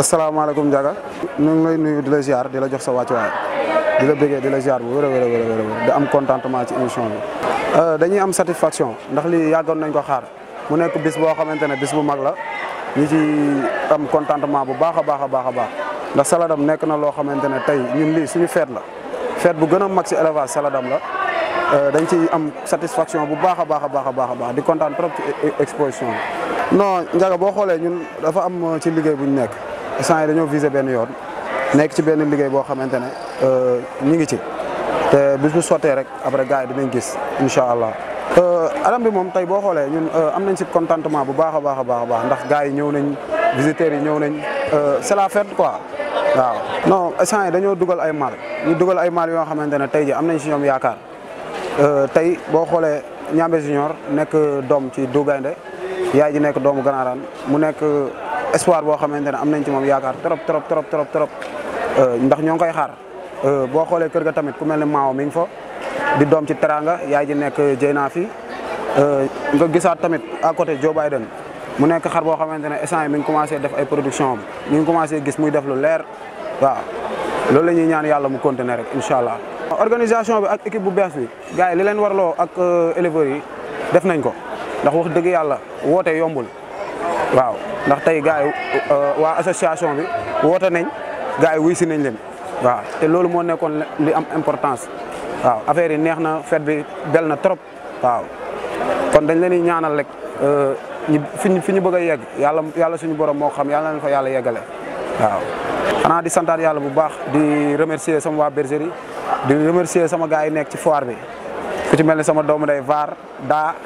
asalaamaaleykum Ndiaga ñu ngi lay nuyu di la ziar di la jox sa wàccuwaay di la bëggee di la ziar bu wér a wér a di am contentement ci émission bi. Euh, dañuy am satisfaction ndax lii yàggoon nañ ko xaar mu nekk bis boo xamante ne bis bu mag la ñu ci am contentement bu baax a baax a baax a baax ndax salaadam nekk na loo xamante ne tey ñun lii suñu feet la feet bu gën a mag si élevage Saladam la. Euh, dañ ci am satisfaction bu baax a baax a baax a baax a baax di kontaan trop ci e-, e-, exposition bi. non Ndiaga boo xoolee ñun dafa am ci liggéey bu ñu nekk. instant yi dañoo visé benn yoon nekk ci benn liggéey boo xamante ne euh, ñu ngi ci te bis bu sottee rek après gars yi dinañ gis incha allah. Euh, alam bi moom tey boo xoolee ñun euh, am nañ si contentement bu baax a baax a baax ndax gars yi ñëw nañ visiteurs yi ñëw nañ c'est la fête quoi waaw. non instant dañoo dugal ay mal ñu dugal ay mal yoo xamante ne tey ji am nañ si ñoom yaakaar tey boo xoolee ñambe Junior nekk doom ci Dougaynde yaay ji nekk doomu Ganaaraan mu espoir boo xamante ne am nañ ci moom yaakaar trop trop trop trop trop euh, ndax ñoo ngi koy xaar euh, boo xoolee kër ga tamit ku mel ne maaw mi ngi fa di doom ci teranga yaay ji nekk jëy naa fi euh, nga gisaat tamit à côté Joe Biden mu nekk xar boo xamante ne instant mi ngi commencé def ay production am mi ngi commencé gis muy def lu leer waaw loolu la ñuy ñaan yàlla mu continuer rek incha allah. organisation bi ak équipe bu bees bi gars yi li leen warloo ak éleveurs yi def nañ ko ndax wax dëgg yàlla woote yombul ndax tey gaa yi euh, waa association bi woote nañ gars yi wuy si nañ leen waaw te loolu moo nekkoon li am importance waaw affaire yi neex na fête bi bel na trop waaw kon dañ leen di ñaanal rek euh, ñu fi fi ñu bëgg a yegg yàlla yàlla suñu borom moo xam yàlla na fa yàlla yeggale waaw xanaa di santaat yàlla bu baax di remercier sama waa bergerie di remercier sama gaa yi nekk ci foire bi ku ci mel ni sama doomu day Var daa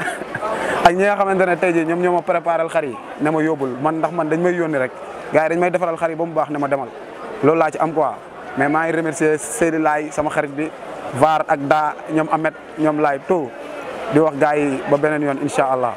ak ñi nga xamante ne tey jii ñoom ñoo ma préparal xar yi ne ma yóbbul man ndax man dañ may yónni rek gars yi dañ may defaral xar yi ba mu baax ne ma demal loolu laa ci am quoi mais maa ngi remercier Seydou Laay sama xarit bi Var ak daa ñoom Amet ñoom Laay tout di wax gars yi ba beneen yoon incha allah